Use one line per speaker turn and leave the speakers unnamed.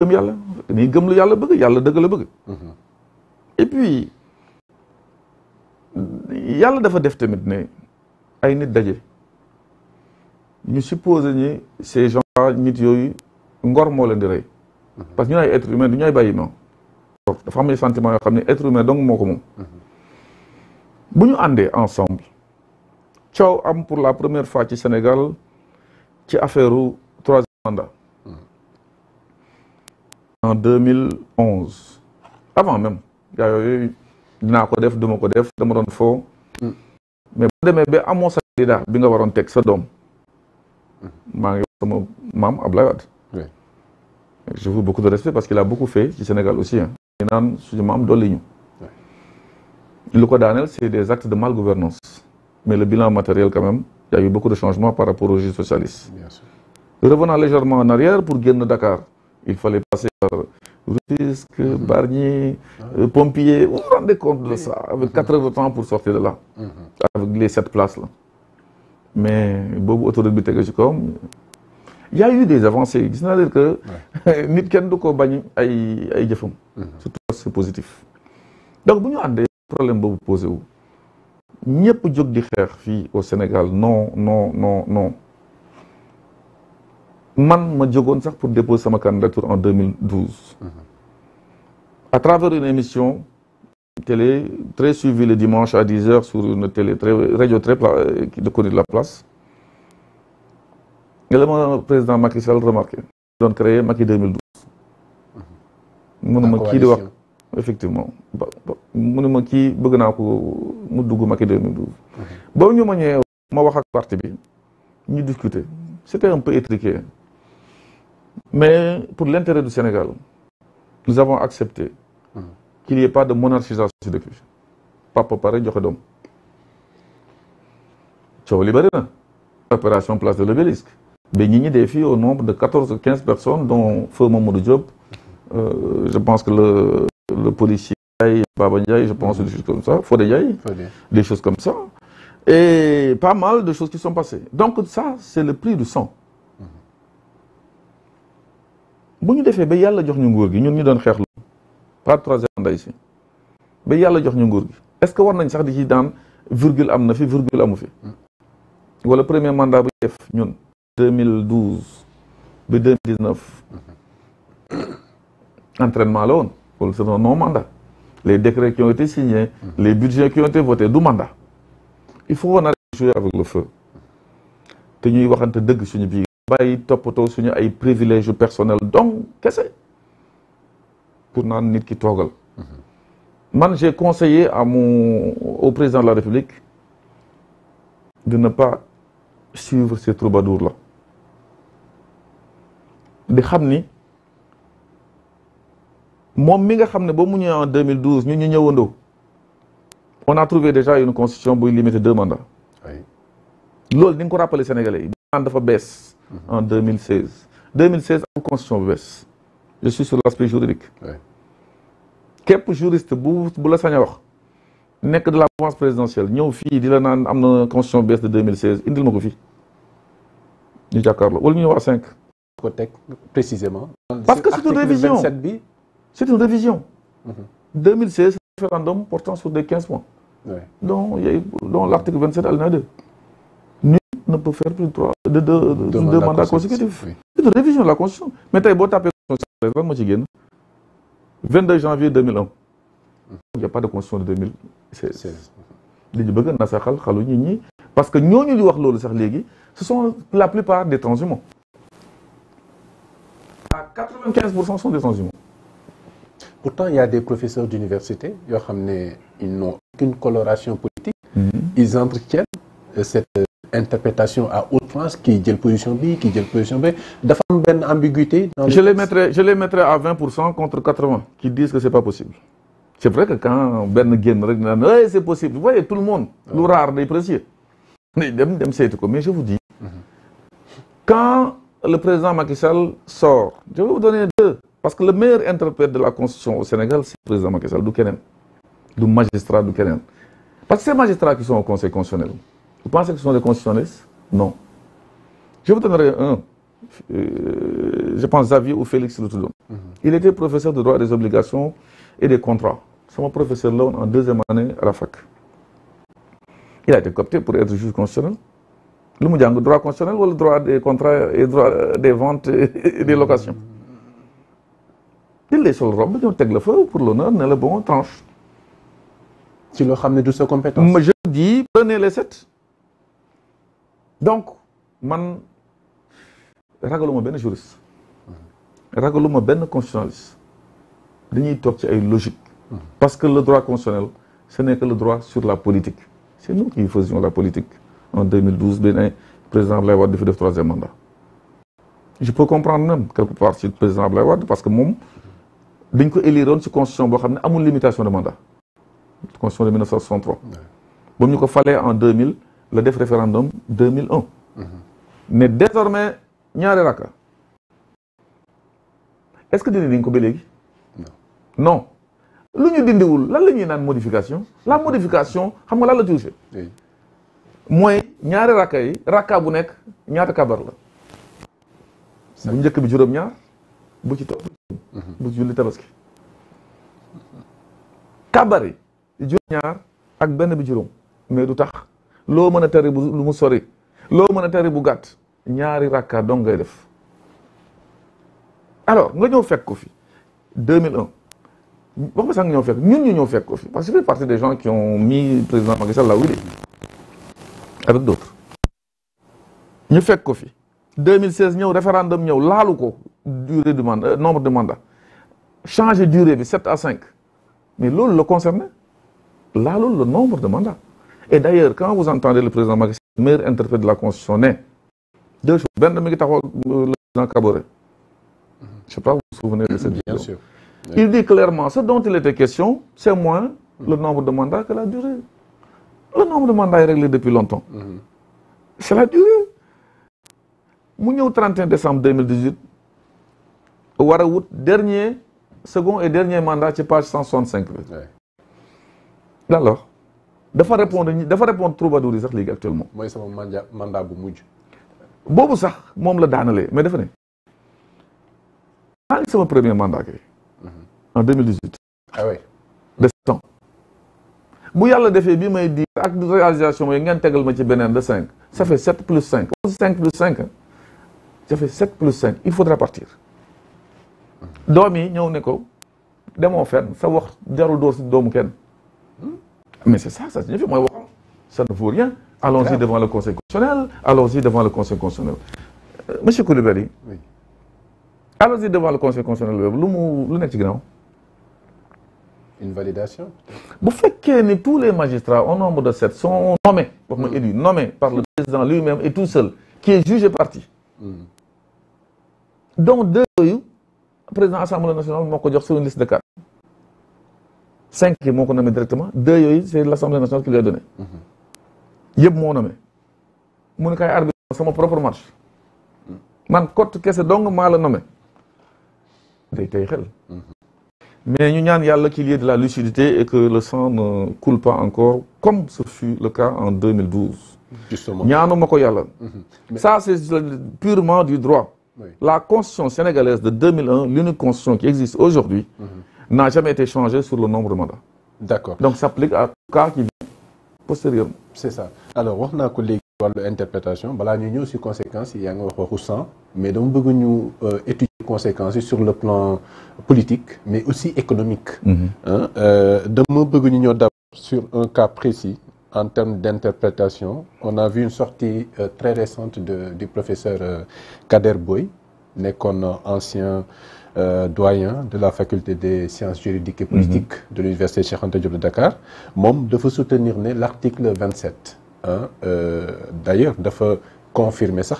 gëm yàlla nii gëm yàlla bëgg yàlla dëgg la bëgg mhm. yàlla dafa def tamit ne ay nit daje ñu suppose ñi ces gens nit yooyu ngor moo leen di rey mhm. parce que ñu ay être humain du ñu ay bàyyi ma dafa am ay sentiment yoo xam ne être humain donc moo ko moom mhm. bu ñu àndee ensemble coow am pour la première fois ci senegal ci affaire troisième mandat en 2011 avant même yaa yooyu dinaa ko def duma ko def dama doon foo mm. mais boo demee ba amoo sa candidat bi nga waroon teg sa doom mm. maa ngi sama maam Ablaye Wade je vous beaucoup de respect parce qu'il a beaucoup fait ci Sénégal aussi hein ñu naan suñu maam dolli ñu lu ko daaneel c'est des actes de malgouvernance mais le bilan matériel quand même il y a eu beaucoup de changements par rapport au jeu socialiste revenant légèrement en arrière pour génn Dakar il fallait passer par Rufisque, Barnier, euh, Pompier. Vous vous rendez compte de ça, avec quatre heures de temps pour sortir de là, mhm. avec les sept places là. mais boobu autoroute bi tege ci kawam y a eu des avancées gis naa leen que nit kenn du ko bañ ay ay jëfam. Mhm. surtout c'est positif. donc bu ñu àndee problème boobu posé wu ñëpp jóg di xeex fii au Sénégal non non non. man ma jógoon sax pour déposer sama candidature en 2012 mm-hmm. à travers une émission télé très suivie le dimanche à 10 heures sur une télé très radio très de connue de la place nga la ma président Macky Sall remarqué doon créé Macky 2012 mënuma mm-hmm. kii di wax effectivement mënuma kii bëgg naa ko mu dugg Macky 2012 mm-hmm. boobu ñu ma ñëwee ma wax ak parti bi ñu discuter c'était un peu étriqué Mais pour l'intérêt du Sénégal, nous avons accepté mmh. qu'il n'y ait pas de monarchisation de pays. Papa Paré Djokhadom. Tchao libéré. Opération Place de l'Obélisque. Bénigni défie au nombre de 14 quinze 15 personnes, dont Feu Mamoudou Diop, euh, je pense que le, le policier Baba Ndiaye, je pense, mmh. des choses comme ça, Fodé Ndiaye, des choses comme ça. Et pas mal de choses qui sont passées. Donc ça, c'est le prix de sang. bu ñu defee ba yàlla jox ñu nguur gi ñun ñu doon xeexlu par troisième mandat si ba yàlla jox ñu nguur gi est-ce que war nañ sax di ci daan virgule am na fi virgule amu fi wala premier mandat bu def ñun deux mille douze ba deux mille dix-neuf la woon wala c'est un non mandat les décrets qui te été signés les budgets qui ont été du mandat il faut qu'on arrête de jouer avec le feu te ñuy waxante dëgg suñu bii bàyyi toppatoo suñu ay privilège personnel donc kese pour naan nit ki toogal man j'ai conseillé à mon au président de la République de ne pa suivre ces troubadours la di xam ni moom mi nga xam ne ba mu ñëwee en 2012 ñun ñu ñëwandoo on a trouvé déjà une constitution buy limité deux mandats loolu ni nga ko rappelé Sénégalais yi naan dafa bees Mm-hmm. en 2016 mille am constitution bu bees je suis sur l' juridique képp juriste bu bu la sañ a wax nekk de la mouvance présidentielle ñëw fii di la naan am na constitution bu bees de 2016 indil ma ko fii ñu jàkkaarloo wala ñu ñëw à cinq ko teg précisément parce que c' une révision bi c' est une révision 2016 référendum portant sur des quinze points donc dont l' article 27 alinéa 2 ne peut faire plus de trois de de de mandat consécutif une révision de la constitution mais tey boo tapé constitution rek ma ci génn 22 janvier 2001 il y a pas de constitution de 2016 li ñu bëgg na saxal xalu nit ñi parce que ñooñu di wax loolu sax léegi ce sont la plupart des transhumants à 95 pour cent sont des transhumants pourtant il y a des professeurs d'université yoo xam ne ils n'ont aucune coloration politique mm-hmm. ils entretiennent euh, euh, interprétation à outrance kii jël position bi kii jël position bi dafa am benn ambiguïté. dans je les mettrai je les à 20 pour cent contre 80 qui disent que c'est pas possible. c'est vrai que quand benn génn rek naan hey eh, c'est possible vous voyez tout le monde. lu rare day précieux. dem dem saytu ko mais je vous dis. Mhm. quand le président Macky Sall sort je vais vous donner deux. parce que le meilleur interprète de la constitution au Sénégal c'est le président Macky du keneen. du magistrat du keneen. parce que ces magistrats qui sont Vous pensez que ce sont des constitutionnalistes Non. Je vous donnerai un, euh, je pense Xavier ou Félix Loutoudon. Mm Il était professeur de droit des obligations et des contrats. C'est mon professeur là en deuxième année à la fac. Il a été coopté pour être juge constitutionnel. Le Moudjang, droit constitutionnel ou le droit des contrats et droit des ventes et des locations Il est sur le robe, il tègue le feu pour l'honneur, n'est le bon, tranche. Tu le ramènes de sa compétence Je dis, prenez les sept. donc man ragaluma benn juriste ragaluma benn constitutionnaliste dañuy toog ci ay logique parce que le droit constitutionnel ce n'est que le droit sur la politique c'est nous qui faisions la politique en 2012 bi ne président Abdoulaye Wade dafa def troisième mandat je peux comprendre même quelque part si président Abdoulaye Wade parce que moom dañ ko éliroon ci constitution boo xam ne amul limitation de mandat constitution de 1963 ba mu ñu ko falee en 2000 la def référendum 2001. ne désormais ñaari rakka. est-ce que dindi nañ ko ba léegi. non lu ñu dindiwul lan la ñuy naan modification la modification xam nga lan la touché. mooy ñaari rakka yi rakka bu nekk ñaata kabar la. bu njëkk bi juróom-ñaar bu ci topp. Mhm. bu ci kabar yi juróom-ñaar ak benn bi juróom mais du tax. loo mën a tari bu lu mu sori loo mën a tari bu gàtt ñaari rakka dong ngay def alors nga ñëw fekk ko fi 2001 wax nga sax nga ñëw fekk ñun ñu ñëw fekk ko fi parce que je fais partie des gens qui ont mis président Macky Sall là où avec d'autres ñu fekk ko fi 2016 ñëw référendum ñëw laalu ko durée du mandat euh, nombre de mandat changer durée bi 7 à cinq mais loolu la concerné laalul la nombre de mandats Et d'ailleurs, quand vous entendez le président Macky Sall, meilleur interprète de la Constitution deux choses. Ben mi ngi taxaw euh, le président Kaboré. Je sais pas vous vous souvenez de cette vidéo. Il dit clairement, ce dont il était question, c'est moins le nombre de mandats que la durée. Le nombre de mandats est réglé depuis longtemps. Mhm. C'est la durée. mu ñëw 31 décembre 2018 war a dernier second et dernier mandat ci page 165 bi. alors dafa répondre dafa répondre troubadour yi sax léegi actuellement. mooy sama mandat mandat bu mujj. boobu sax moom la daanalee mais dafa ne. sama premier mandat kay. Mhm. en 2018. ah oui de sept bu yàlla defee bi may di ak réalisation mooy ngeen tegal ma ci beneen de cinq. ça fait sept plus cinq. cinq plus cinq ça fait sept plus cinq il faudra partir. Mhm. doom yi ñëw ne ko demoo fenn sa wax jarul door si doomu kenn. Hmm? mais c'est ça ça signifie mooy waxam ça ne vaut rien allons-y devant le conseil constitutionnel allons devant le conseil constitutionnel euh, monsieur Coulibaly oui devant le conseil constitutionnel lu mu lu nekk ci ni tous les magistrats au nombre de sept sont nommés wax ma élus nommés par le président lui-même et tout seul qui est juge et partie hmm. donc deux président assemblée nationale moo ko sur une liste de quatre cinq yi moo ko nommé directement deux yooyu c' est l' assemblée nationale qui lui a donné. Mhm. yëpp moo nommé. mu ne kaay arbitre sama propre match. Mhm. man kott kese dong maa la nommé. Mhm. mais ñu ñaan yàlla qu'il y de la lucidité et que le sang ne coule pas encore comme ce fut le cas en 2012. justement ma ko yàlla. ça c' est purement du droit. Oui. la constitution sénégalaise de 2001 l'unique constitution qui existe aujourd'hui mm n'a jamais été changé sur le nombre de mandats. d'accord donc s'applique à tout cas qui postérieurement. c'est ça alors wax naa ko léegi wàllu interprétation balaa ñu ñëw si conséquence yi yaa ngi wax waxu sang mais dama bëgg ñu euh, étudier conséquences sur le plan politique mais aussi économique. Mm-hmm. Euh, dama bëgg ñu ñëw d'abord sur un cas précis. en termes d'interprétation on a vu une sortie euh, très récente de du professeur euh, Kader Boye nekkoon euh, ancien. Euh, doyen de la faculté des sciences juridiques et mhm. politiques de l'université Cheikh Anta Diop de moom dafa soutenir ne l'article 27 ah euh, d'ailleurs dafa confirmer sax